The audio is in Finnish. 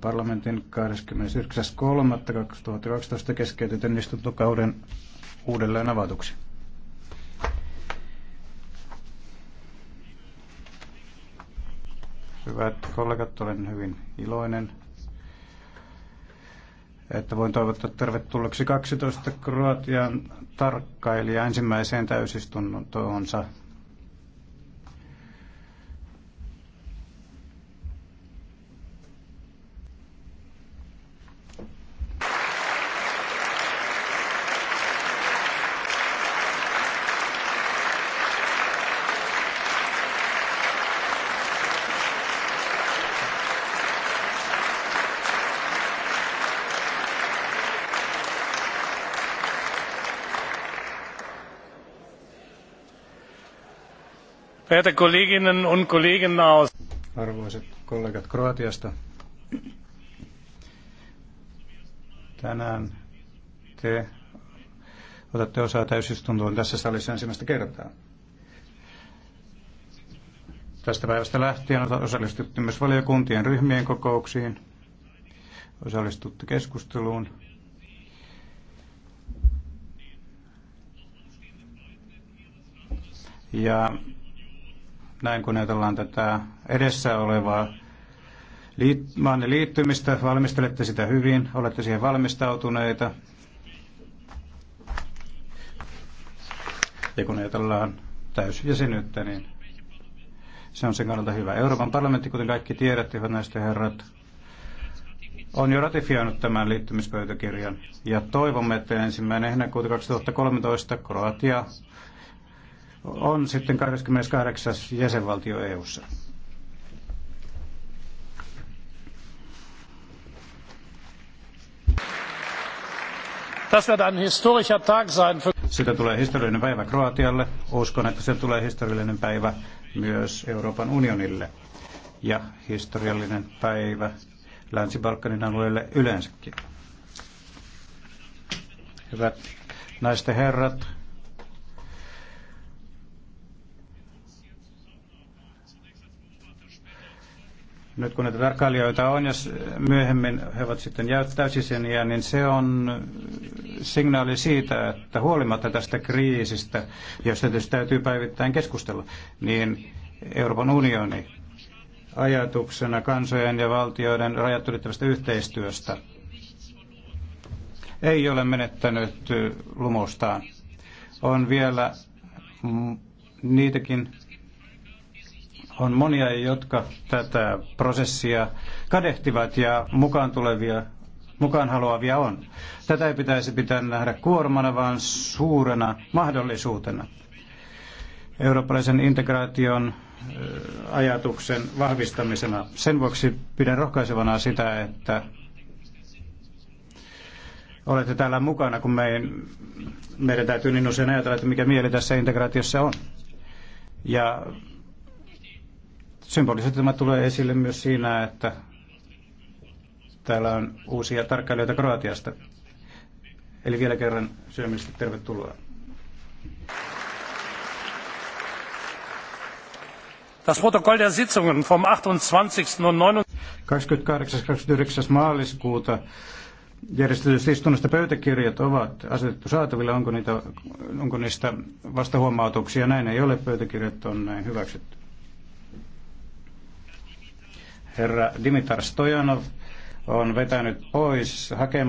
parlamentin 29.3.2012 keskeytetyn istuntokauden uudelleen avatuksi. Hyvät kollegat, olen hyvin iloinen, että voin toivottaa tervetulleeksi 12 Kroatian tarkkailija ensimmäiseen täysistuntoonsa Verehrte Kolleginnen und Kollegen aus. Arvoisat kollegat Kroatiasta. Tänään te otatte osaa täysistuntoon tässä salissa ensimmäistä kertaa. Tästä päivästä lähtien osallistutte myös valiokuntien ryhmien kokouksiin, osallistutte keskusteluun. Ja näin kun ajatellaan tätä edessä olevaa maanne liittymistä, valmistelette sitä hyvin, olette siihen valmistautuneita. Ja kun ajatellaan täysjäsenyyttä, niin se on sen kannalta hyvä. Euroopan parlamentti, kuten kaikki tiedätte, hyvät näistä herrat, on jo ratifioinut tämän liittymispöytäkirjan. Ja toivomme, että ensimmäinen heinäkuuta 2013 Kroatia on sitten 28. jäsenvaltio EU:ssa. Das wird ein historischer Tag sein für tulee historiallinen päivä Kroatialle. Uskon, että se tulee historiallinen päivä myös Euroopan unionille ja historiallinen päivä Länsi-Balkanin alueelle yleensäkin. Hyvät naisten herrat, nyt kun näitä tarkkailijoita on, jos myöhemmin he ovat sitten täysiseniä, niin se on signaali siitä, että huolimatta tästä kriisistä, josta tietysti täytyy päivittäin keskustella, niin Euroopan unioni ajatuksena kansojen ja valtioiden rajat ylittävästä yhteistyöstä ei ole menettänyt lumostaan. On vielä niitäkin on monia, jotka tätä prosessia kadehtivat ja mukaan tulevia mukaan haluavia on. Tätä ei pitäisi pitää nähdä kuormana, vaan suurena mahdollisuutena. Eurooppalaisen integraation ajatuksen vahvistamisena. Sen vuoksi pidän rohkaisevana sitä, että olette täällä mukana, kun meidän, meidän täytyy niin usein ajatella, että mikä mieli tässä integraatiossa on. Ja Symbolisesti tämä tulee esille myös siinä, että täällä on uusia tarkkailijoita Kroatiasta. Eli vielä kerran syömistä tervetuloa. Das Protokoll der Sitzungen vom 28. und 29. maaliskuuta järjestetyistä istunnosta pöytäkirjat ovat asetettu saatavilla. Onko, niitä, onko niistä vastahuomautuksia? Näin ei ole. Pöytäkirjat on näin hyväksytty. Herra Dimitar Stojanov on vetänyt pois hakemuksen.